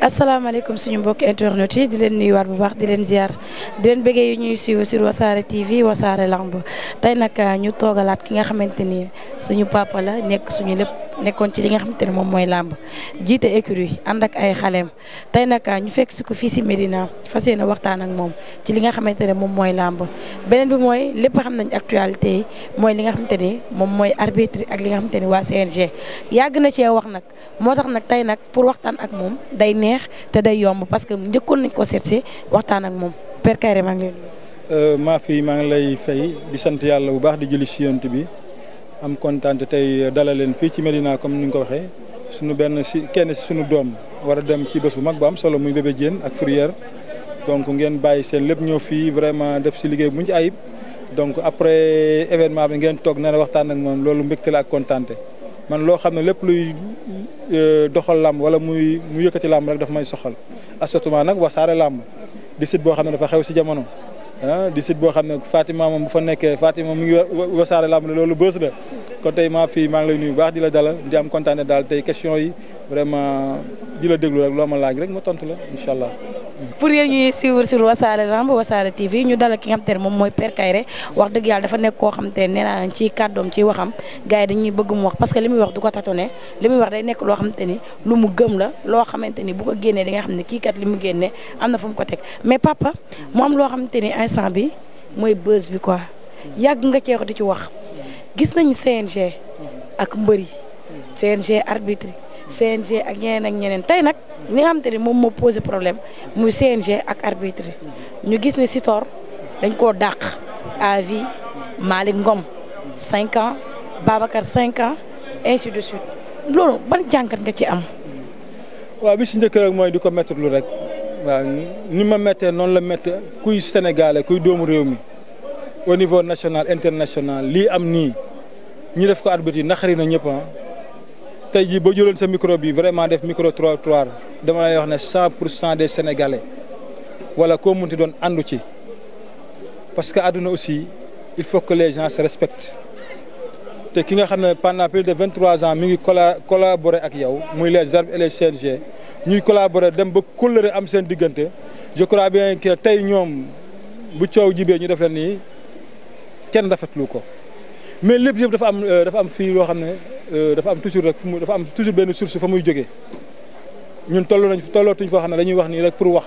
asalaamaaleykum suñu mbokk internet yi di leen nuyuwaat bu baax di leen ziar di leen bëggee yu ñuy suivre sur wasaare TV wasaare lamb tey nag ah, ñu toogalaat ki nga xamante ni suñu papa la nekk suñu lépp nekkoon ci li nga xamante ne moom mooy làmb jiite écurie ànd ak ay xaleem tey nag ah, ñu fekk si ko fii si Medina fas yéene waxtaan ak moom ci li nga xamante ne moom mooy lamb beneen bi mooy lépp xam nañ actualité yi mooy li nga xamante ni moom mooy arbitre ak li nga xamante ni waa CNG yàgg na cee wax nag moo tax nag tey nag pour waxtaan ak moom day neex te day yomb parce que njëkkoon nañ ko seet si waxtaan ak moom Père Kairé maa ngi euh, maa fi maa ngi lay fay di sant yàlla bu baax di julli si bi am kontaan tey dalal leen fii ci Medina comme ni nga ko waxee sunu benn si kenn si sunu doom war dem ci bés bu mag bu am solo muy bébé Diène ak Fourrière donc ngeen bàyyi seen lépp ñëw fii vraiment def si liggéey bu mu ci ayib donc après événement bi ngeen toog na waxtaan ak moom loolu mbégte la ak kontaante man loo xam ne lépp luy euh, doxal làmb wala muy mu yëkkati làmb rek daf may soxal assotement nag wasaare làmb di site boo xam ne dafa xew si jamono ah di site boo xam ne Fatima moom bu fa nekkee Fatima mu ngi wasaare làmb loolu bës la kon tey maa fii maa ngi lay nuyu baax di la dalal di am kontaane daal tey question yi vraiment di la déglu rek loo ma laaj rek ma tontu la incha allah. pour yéen ñuy suivre sur Wassare Lamb Wassare TV ñu dal ki nga xam te moom mooy Père Kairé wax dëgg yàlla dafa nekk koo xam te ne nee naa ci kàddoom ci waxam gars dañuy bëgg mu wax parce que li muy wax du ko tâtonné li muy wax day nekk loo xamante ni lu mu gëm la loo xamante ni bu ko génnee di nga xam ne kii kat li mu génnee am na fu mu ko teg mais papa moom loo xamante ni instant bi mooy buzz bi quoi yàgg nga cee di ci wax gis nañu CNG ak mbër yi CNG arbitre CNG ak ñeneen ak ñeneen tey nag. li nga xamante ni moom moo posé problème muy CNG ak arbitre ñu gis ne Sitor dañ koo dàq à vie Ngom cinq ans Babacar 5 ans ainsi de suite loolu ban jànkat nga ci am. waa bi si njëkk rek mooy di ko métti lu rek waaw ni ma méttee noonu la méttee kuy sénégalais kuy doomu réew mi au niveau national international lii am nii ñu def ko arbitre yi naqari na ñëpp te ah. tey jii boo jëloon sa micro bi vraiment def micro trottoir dama lay wax ne cent pour cent des sénégalais wala koo munti doon àndu ci parce que àdduna aussi il faut que les gens se te ki nga xam ne pendant plus de vingt trois ans mi ngi colla collaboré ak yow muy les arbres et les CNG ñuy collaboré dem ba kóllëre am seen diggante je crois bien que tey ñoom bu coow jibee ñu def leen nii kenn rafetlu ko mais lépp yëpp dafa am euh, dafa am fii loo xam ne euh, dafa am toujours rek fu mu dafa am toujours benn source fa muy jógee. ñun toll nañ tollootuñ foo xam ne dañuy wax nii rek pour wax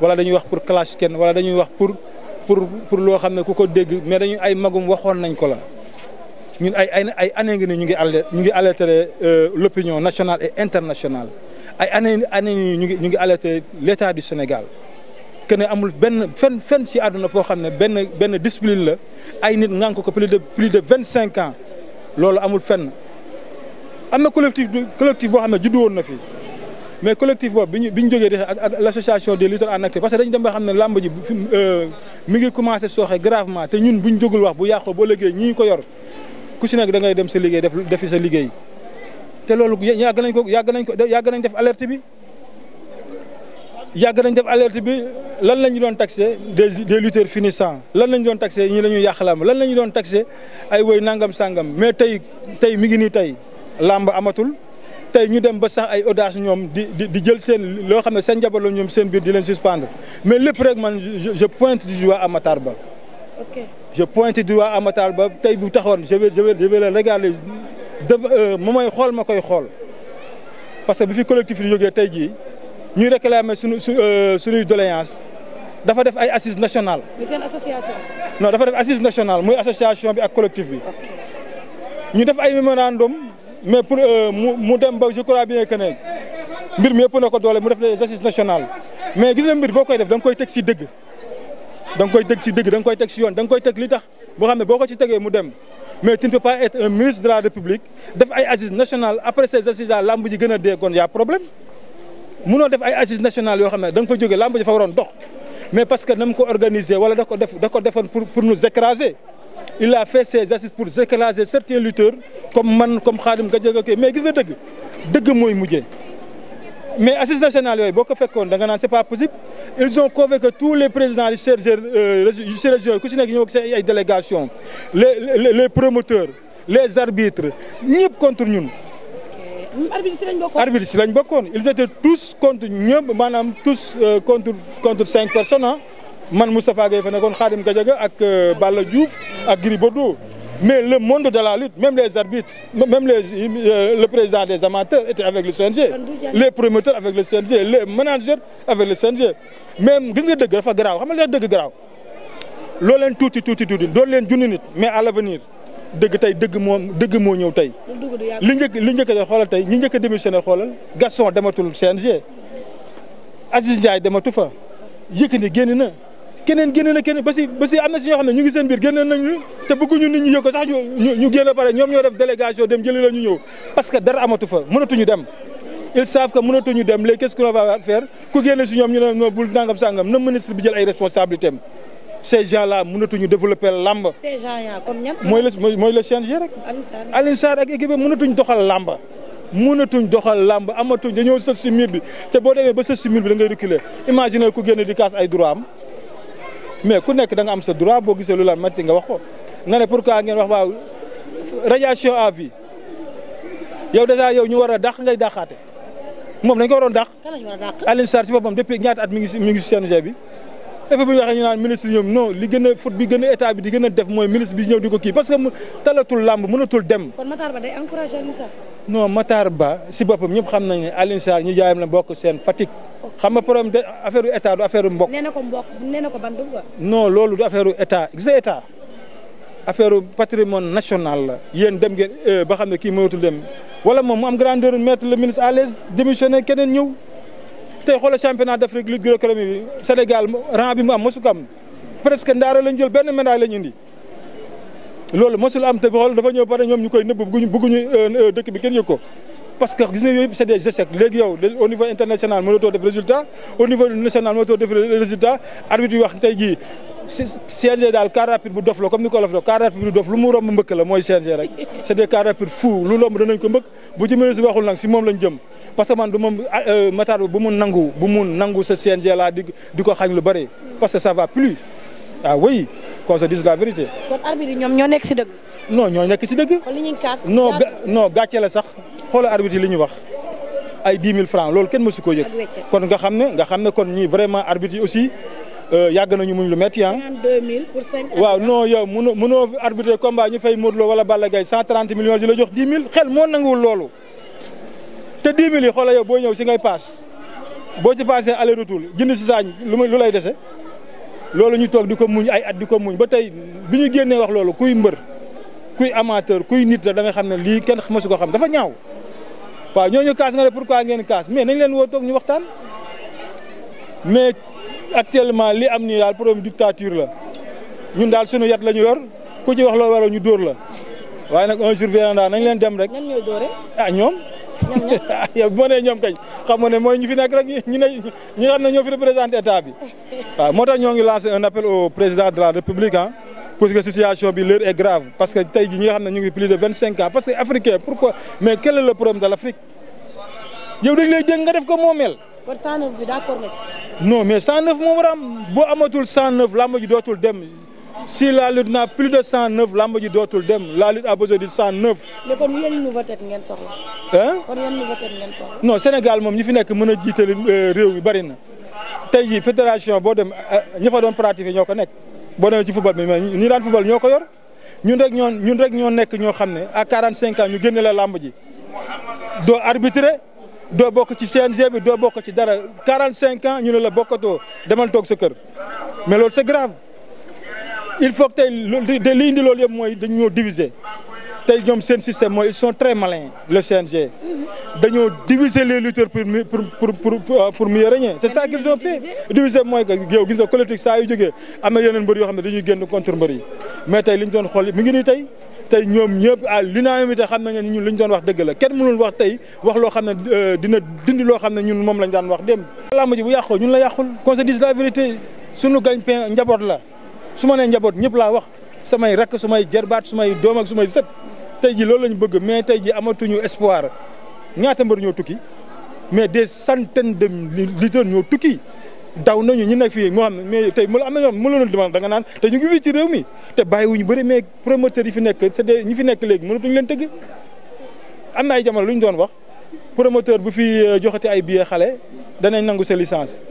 wala dañuy wax pour clash kenn wala dañuy wax pour pour loo xam ne ku ko dégg mais dañu ay magum waxoon nañ ko la ñun ay ay ay année ngi ñu ngi al ñu ngi alerter euh, l'opinion nationale et internationale ay année année ni ñu ngi ñu ngi alerter l'état du Sénégal que ne amul benn fen fen si àdduna foo xam ne benn benn discipline la ay nit ngànk ko plus de plus de vingt cinq ans loolu amul fenn am na collectif collectif boo xam ne juddu woon na fi. mais collectif boobu bi ñu bi ñu jógee de ak l' association des lutteurs en activité parce que dañu dem ba xam ne làmb ji euh, mi ngi commencé sooxe gravement te ñun bu ñu jógul wax bu yàqoo boo liggéey ñii ko yor ku si nekk da ngay dem sa liggéey def defi sa liggéey te loolu yàgg nañ ko yàgg nañ ko yàgg nañ def alerte bi yàgg nañ def alerte bi lan la ñu doon taxé des des lutteurs finissants lan la doon taxé ñii la ñuy yàq làmb lan la ñu doon taxé ay woy nàngam sàngam mais tey tey mi ngi nii tey làmb amatul. tey ñu dem ba sax ay audace ñoom di di di jël seen loo xam ne seen njaboot la ñoom seen biir di leen suspendre mais lépp rek man je pointe du doigt à Matar Ba. je pointe du doigt à Ba tey bu taxoon je vais je vais je vais le regarder euh, xool ma koy xool parce que bi fi collectif yi jógee tey jii ñuy réclamer suñu su euh, suñuy doléance dafa def ay assises nationales. no seen association. non dafa def assise nationale muy association bi ak collectif bi. ñu def ay mémorandum mais pour euh, mu dem ba je crois bien que ne mbir mi ëpp ko doole mu def les assises nationales mais gis na mbir boo koy def da nga koy teg si dëgg da nga koy teg si dëgg da koy teg si yoon da nga koy teg li tax boo xam ne boo ko ci tegee mu dem mais tu ne peux pas être un ministre de la République def ay assises nationales après ces assises là làmb ji gën a dee kon y' a problème munoo def ay assises nationales yoo xam ne da nga ko jógee làmb ji fa waroon dox mais parce que na mu wala da ko def ko defoon pour pour nous il a fait ses assises pour écraser certains lutteurs comme man comme Khadim Gadiaga kii mais gis nga dëgg dëgg mooy muje mais assises nationales yooyu boo ko fekkoon da nga naan c'est pas possible ils ont convoqué tous les présidents du CRG euh, du CRG ku ci nekk ñëw ak seen ay délégations les les promoteurs les arbitres ñëpp contre ñun. arbitre si lañ lañ bokkoon ils étaient tous contre euh, contre contre cinq personnes ah. man Moustapha Gueye fa nekkoon Khadim Gadiaga ak euh, Balla Diouf ak Gris Bordeaux mais le monde de la lutte même les arbitres même les euh, le président des amateurs était avec le CNG les promoteurs avec le CNG les managers avec le CNG même gis nga dëgg dafa garaaw xam nga dëgg garaaw loo leen tuuti tuuti tuuti doon leen junni nit mais à l'avenir dëgg tey dëgg moo dëgg moo ñëw tey li njëkk li njëkk a xoolal tey ñi njëkk a démissionné xoolal Gaston dematul CNG Aziz Ndiaye dematu fa Yékini génn na keneen génne na keneen ba si ba si am na si ñoo xam ne ñu ngi seen biir génne nañu ñu bëgguñu nit ñi yëg ko sax ñu ñu génn ñoom ñoo def délégation dem jëli la ñu ñëw parce que dara amatu fa mënatuñu dem mënatuñu dem léegi qu'est-ce qu'on va ku génne si ñoom ñu ne non bul nangam sangam na ministre bi jël ay responsabilités am ces gens là mënatuñu développer làmb. ces gens là comme ñam. mooy mooy la changer rek. Alioune Sarr mënatuñ doxal làmb. mënatuñ doxal làmb amatuñ dañoo sës si mur bi te boo demee ba sës si mur bi da ngay reculer imaginer ku génne di kaas ay droit am mais ku nekk da nga am sa droit boo gisee lu la metti nga wax ko nga ne pourquoi ngeen wax waaw radiation à vie yow dèjà yow ñu war a dax ngay dàqaate moom dañ ko waroon dax kan la ñu war a dàq depuis ñaata at mi ngi si mi ngi si CNG bi. et puis bu ñu waxee ñu naan ministre ñoom non li gën a foot bi gën a état bi di a def mooy ministre bi ñëw di ko kii parce que mu talatul làmb mënatul dem. non Matar Ba si boppam ñëpp xam nañ ne Alioune ñi jaayam la bokk seen Fatick xam nga problème de affaire état du affaire mbokk. nee na ko mbokk nee non loolu du affaire état gis nga état affaire patrimoine national la yéen dem ngeen euh, ba xam ne kii mënatul dem wala moom am grandeur mettre le ministre à l'aise démissionné keneen ñëw tey xoolal championnat d'Afrique lutte gréco-romaine bi Sénégal rang bi mu am mosu ko am presque ndaara lañ jël benn médaille lañ indi. loolu mosul am te xool dafa ñëw pare ñoom ñu koy nëbb bëgguñu bëgguñu euh, euh, dëkk bi kenn yëg ko parce que gis nga yooyu c'est des échecs léegi yow au niveau international mënatoo def résultat au niveau national mënatoo def résultat arbitre yi wax tey jii CNG daal car rapide bu dof la comme ni ko la fa car rapide bu dof lu mu romb mbëkk la mooy CNG rek c'est des car lu romb danañ ko mbëkk bu ci ministre waxul nag si moom lañ jëm parce que man du moom euh, Matar bu mu nangu bu mu nangu sa CNG ko xañ lu bëri que ça va qu'on se dise la vérité. kon ñoo nekk si dëgg. non ñoo nekk si dëgg. kon li ñuy kaas non non gàcce la sax xoolal arbitre li ñu wax ay 10 000 francs loolu kenn mësu ko yëg. kon nga xam ne nga xam ne kon ñi vraiment arbitre yi aussi euh, yàgg nañu muñ lu métti ah. 2 pour 5. waaw non yow mënoo mënoo arbitrer ñu fay Modou Lo wala Balla Gaye 130 millions di la jox 10 000 xel moo nanguwul loolu te 10 000 yi xoolal yow boo ñëw si ngay paas boo ci paasee aller retour jënd si saañ lu lay dese. loolu ñu toog di ko muñ ay at di ko muñ ba tey bi ñu génnee wax loolu kuy mbër kuy amateur kuy nit la da nga xam ne lii kenn mësu ko xam dafa ñaw waaw ñoo ñu kaas nga ne pourquoi ngeen kaas mais nañ leen woo toog ñu waxtaan mais actuellement li am nii daal problème dictature la ñun daal sunu yat la ñu yor ku ci wax loolu waral ñu dóor la waaye nag un jour viendra nañu leen dem rek. ñan ñooy dóore ah ñoom. yow bu ma nee ñoom kañ xam nga ne mooy ñu fi nekk rek ñoo fi représenté état bi moo tax ñoo ngi lancé un appel au président de la république ah parce que situation bi l'heure est grave parce que tey jii ñi nga xam ne ñu ngi plus de vingt cinq ans parce que africain pourquoi mais quel le problème de l' yow dañ lay dégg nga def ko moomeel. kon 109 bi d'accord nga ci. non mais 109 moo war a am boo amatul 109 làmb dootul dem. si la lutte n'a plus de cent neuf làmb ji dootul dem la lutte a de cent neuf. mais kon yéen nouveauté Sénégal moom ñi fi nekk mën a jiitali euh, réew mi bari na tey jii fédération boo dem euh, ñi fa doon pratiquer ñoo ko nekk boo demee ci football ñi daan football ñoo ko yor ñun rek ñoo ñun rek ñoo nekk ñoo xam ne à 45 ans ñu génne la làmb ji doo arbitré doo bokk ci CNG bi doo bokk ci dara cinq ans ñu ne la bokkatoo demal toog sa kër mais loolu c'est grave. il faut que tey loolu de li indi loolu yëpp mooy dañoo diviser tey ñoom seen système mooy ils sont très malins le CNG. Mhm. dañoo diviser les lutteurs pour pour pour pour pour mieux régner c' est ça qu' ils ont fait. diviser mooy que yow gis nga collectif saa yu jógee am na yeneen mbër yoo xam ne dañuy génn contre mbër yi mais tey li ñu doon xool mi ngi nii tey. tey ñoom ñëpp à l'unanimité xam nañ ne ñun li ñu doon wax dëgg la kenn mënul wax tey wax loo xam ne euh, dina dindi loo xam ne ñun moom lañ daan wax dem. làmb ji bu yàqoo ñun la yàqul qu'on se dise la sunu gagne njaboot la. su ma nee njaboot ñëpp laa wax samay rakk sumay jarbaat sumay doom ak sumay sët tey ji loolu la ñu bëgg mais tey ji amatuñu espoir ñaata mbër ñoo tukki mais des centaines de lutteurs ñoo tukki daw nañu ñu nekk fii moo xam ne mais tey mu am na ñoo xam ne mënuloon demande da nga naan te ñu ngi fii ci réew te bàyyiwuñu bëri mais promoteurs yi fi nekk c'est des ñi nekk léegi mënatuñu leen tëgg am na ay jamono lu ñu doon wax promoteur bu fi euh, joxati ay billets xale danañ nangu sa licence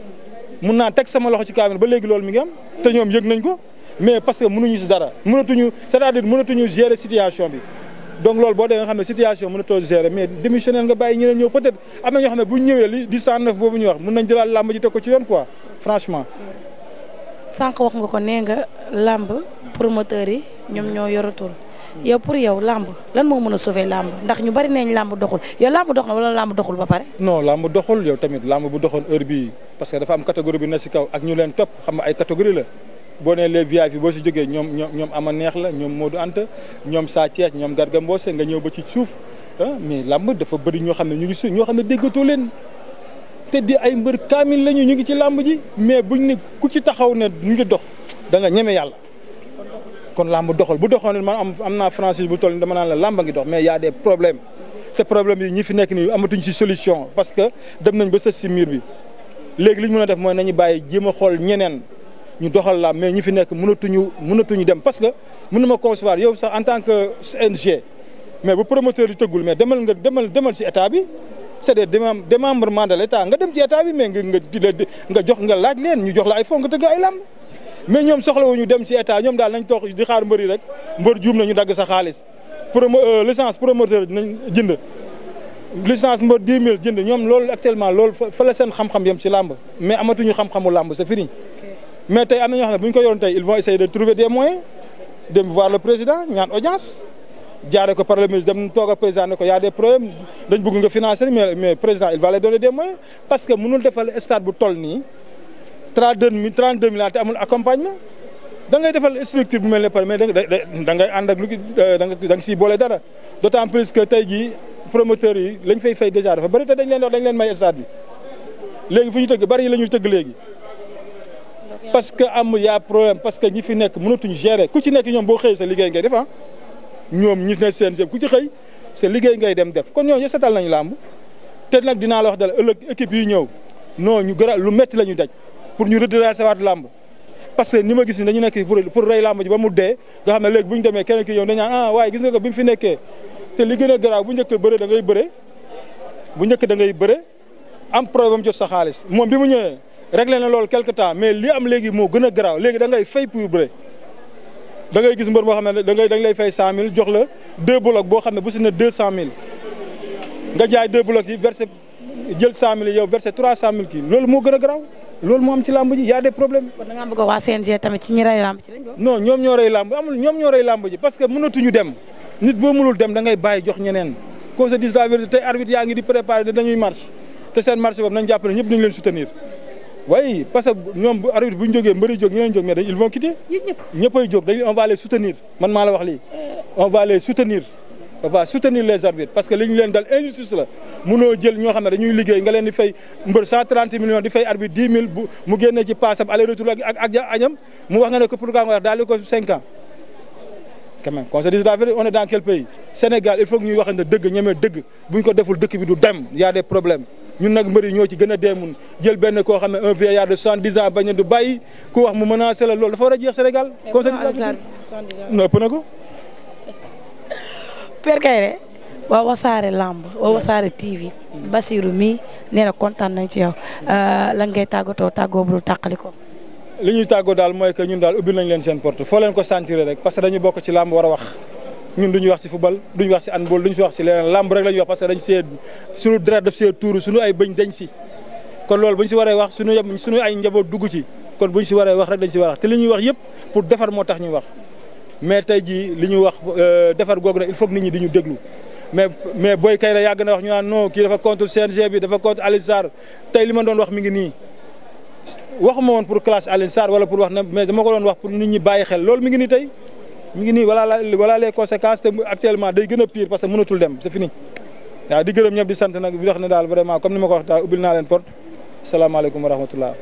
mun naa teg sama loxo ci kaamil ba léegi loolu mi ngi am te ñoom yëg nañ ko mais parce que mënuñu si dara mënatuñu c'est-à-dire mënatuñu situation bi donc loolu boo dee nga xam ne situation mënatoo gérer mais démissionnaire nga bàyyi ñeneen ñëw peut-être am na ñoo xam ne bu ñëwee li di 109 boobu ñuy wax mën nañ jëlaat làmb ji teg ko ci yoon quoi franchement. sànq wax nga ko nee nga làmb promoteur yi ñoom ñoo yoratul yow pour yow làmb lan moo mën a sauver làmb ndax ñu bari nañ làmb doxul yow làmb dox na wala làmb doxul bu doxoon heure bii parce que dafa am catégorie na si kaw ak ñu leen topp xam nga ay catégorie la. boo nee les VIP boo si jógee ñoom ñoom ñoom ama neex la ñoom Modou Anta ñoom Sa Thiès ñoom Garga Mbossé nga ñëw ba ci suuf ah, mais làmb dafa bëri ñoo xam ne ñu ngi suuf ñoo xam ne déggatoo leen te di ay mbër kaamil lañu ñu ngi ci làmb ji mais buñ ne ku ci taxaw ne ñu ngi dox da nga ñeme yàlla kon làmb doxal bu doxoon man am am naa franchise bu toll ni dama naan la làmb ngi dox mais y a des problèmes te problème yi ñi fi nekk nii amatuñ si solution parce que dem nañ ba sës si mur bi léegi li ñu mën def mooy nañu bàyyi jéem a xool ñeneen ñu doxal la mais ñu fi nekk mënatuñu mënatuñu dem parce que mënuma concevoir yow sax en tant que CNG mais bu promoteur yi tëggul mais demal nga demal demal ci état bi c'est des démembrements de l'état nga dem ci état bi mais nga nga jox nga laaj leen ñu jox la ay fonds nga tëgg ay lamb mais ñoom soxlawuñu dem ci état ñoom daal nañ toog di xaar mbër yi rek mbër juum na ñu dagg sa xaalis promo euh, licence promoteur nañ jënd licence mbër 10 mille jënd ñoom loolu actuellement lool fa seen xam-xam yem làmb mais amatuñu xam-xamu làmb c'est mais tey am na ñoo xam ne bu ñu ko yoroon tey ils vont essayer de trouver des moyens dem voir le président ñaan audience jaare ko par le ministre dem toog a président ne ko y a des problèmes dañ bëgg nga financer mais mais président il va les donner des moyens parce que mënul defal stade bu tol nii trente deux mille trente deux milliards te amul accompagnement da defal structure bu mel ne par mais da ngay ànd ak lu da nga boole dara d' autant plus que tey jii promoteurs yi lañ fay fay déjà dafa bëri te dañ leen wax dañ leen may stade bi léegi fu ñu tëgg bari yi la ñuy tëgg léegi. parce que am y a problème parce que ñi fi nekk mënatuñu gérer ku ci nekk ñoom boo xëy sa liggéey ngay def ah. ñoom ñi ne seen jëm ku ci xëy sa liggéey ngay dem def kon ñooñu ñu setal nañu làmb te nag dina la wax dal ëllëg équipe yi ñëw noo ñu gën a lu metti la ñu daj pour ñu redresser waat làmb parce que ni ma gis ni dañu nekk pour pour rey làmb ji ba mu dee nga xam ne léegi bu ñu demee keneen ki yow dañu naan ah, waaye gis nga ko bi mu fi nekkee te li gën garaaw bu njëkk bëre da bëre bu njëkk da ngay bëre am problème jot sa xaalis moom bi mu ñëwee réglé na loolu quelque temps mais li am léegi moo gën a garaaw léegi da ngay fay pour gis mbër boo xam ne da ngay da lay fay 100000 jox la deux blocs boo ne bu si ne loolu moo gën a loolu moo am ci làmb ji y ñoo rey ñoom ñoo rey làmb ji que mënatuñu dem nit boo ngay bàyyi jox ñeneen comme se dit la seen marche boobu nañ jàpp ne ñëpp dañu leen soutenir. oui parce que ñoom bu arbitre bu ñu jógee mbëri jóg ñeneen jóg mais dañ ils vont quitter. ñëppay jóg dañuy on soutenir man maa la wax lii. Euh. on va les soutenir on parce que li ñu leen dal injustice la munoo jël ñoo xam ne dañuy liggéey nga leen di fay mbër 130 millions di fay arbitre 10 000 bu mu génnee ci paasam aller retour ak ak añam mu wax nga ne ko pour nga wax daal di ko 5 ans. quand même qu'on se dise la on est dans quel pays Sénégal il faut que ñuy waxante dëgg ñemee dëgg bu ñu ko deful dëkk bi du dem y des problèmes. ñun nag mbër ñoo ci gën a deemun jël benn koo xam ne un vieillard de sant dix ans bañ a du bàyyi ku wax mu menacé la loolu dafa war a jeex Sénégal. comme ça ëpp na ko. Père Kairé waa wasaare lamb waa wasaare TV. Basirou mii nee na kontaan nañ ci yow euh, lan ngay tàggatoo tàggoo bu tàqali ko. li ñuy tàggoo daal mooy ko ñun daal ubbil nañ leen seen porte foo leen ko sentir rek parce que dañu bokk ci làmb war a wax. ñun duñu wax ci football duñu wax ci handball duñu fi wax ci leneen làmb rek la wax parce que dañ see suñu dara def see tuuru suñu ay bëñ dañ ci kon loolu bu ñu ci waree wax suñu suñu ay njaboot dugg ci kon bu ñu si waree wax rek dañ ci war a wax te li ñuy wax yëpp pour defar moo tax ñu wax mais tey jii li ñu wax euh, defar googu nag il faut nit ñi di ñu déglu mais mais Boy Kayre yàgg na wax ñu naan non kii dafa contre CNG bi dafa contre Alioune Sarr tey li ma doon wax mi ngi nii waxuma woon pour classe Alioune Sarr wala pour wax na mais dama bàyyi xel loolu mi ngi nii tey mi ngi nii voilà la voilà les conséquences te actuellement day gën a pire parce que mënatul dem c'est fini waaw di gërëm ñëpp di sant nag di wax ne daal vraiment comme ni ma ko wax daal ubbil naa leen porte salaamaaleykum wa rahmatullah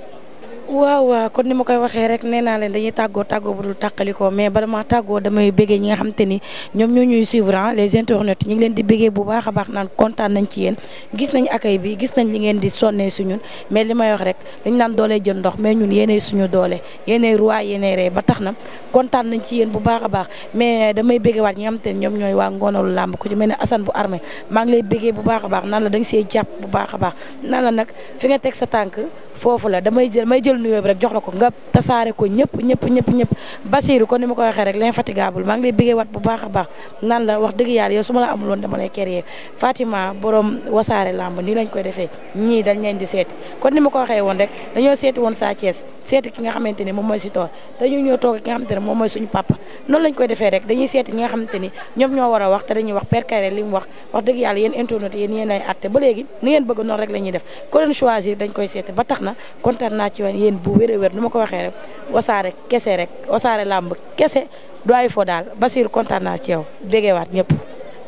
waaw waaw kon ni ma koy waxee rek nee naa leen dañuy tàggoo tàggoo bu dul tàqalikoo mais bala maa tàggoo damay béggee ñi nga xam te ni ñoom ñoo ñuy suivre ah, les internautes ñi ngi leen di béggee bu a baax naan kontaan nañ ci yéen gis nañ accueil bi gis nañ li ngeen di sonnee suñun mais li may wax rek dañ naan doole jël ndox mais ñun yéenay suñu doole yéenay roi yéenay rey ba tax na kontaan nañ ci yéen bu baax a baax mais damay béggee waat ñi nga te ñoom ñooy waa ngoonalu làmb ku ci mel ne Assane bu armé maa ngi lay béggee bu baax a baax naan la dañ see jàpp bu baax a baax naan la nag fi nga teg sa tànk foofu la damay jël may jël nuyoo bi rek jox la ko nga tasaare ko ñëpp ñëpp ñëpp ñëpp Basiirou kon ni ma ko waxee rek l'infatigable maa ngi lay bëggee wat bu baax a baax naan la wax dëgg yàlla yow su ma la amuloon dama lay créer Fatima borom wasaare làmb nii lañ koy defee ñii dañ leen di seeti kon ni ma ko waxee woon rek dañoo seeti woon Sa Thiès seeti ki nga xamante ne moom mooy si toor dañu ñëw toog ki nga xamante ne moom mooy suñu papa noonu lañ koy defee rek dañuy seeti ñi nga xamante ni ñoom ñoo war a wax te dañuy wax Père Kairé li mu wax wax dëgg yàlla yéen internet yéen yéen ay atte ba léegi ni ngeen bëgg noonu rek la ñuy def ko leen choisir dañ koy seeti ba tax na kontaan naa ci yéen bu wér a wér nu ma ko waxee rek wasaare kese rek wasaare làmb kese doy foo daal Basir kontaan naa ci yow bégewaat ñëpp